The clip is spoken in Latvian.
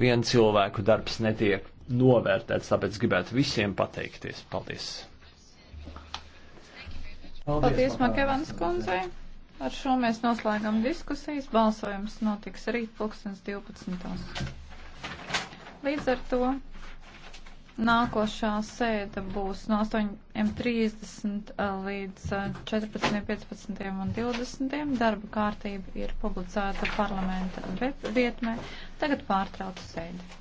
vienu cilvēku darbs netiek novērtēts, tāpēc gribētu visiem pateikties. Paldies! Paldies, Paldies Makevans kundzei! Ar šo mēs noslēgam diskusijas. Balsojums notiks rīt 2012. Līdz ar to nākošā sēda būs no 8.30 eh, līdz 14.15 eh, un 20. Darba kārtība ir publicēta parlamenta vietnē. Tagad pārtraucu sēdi.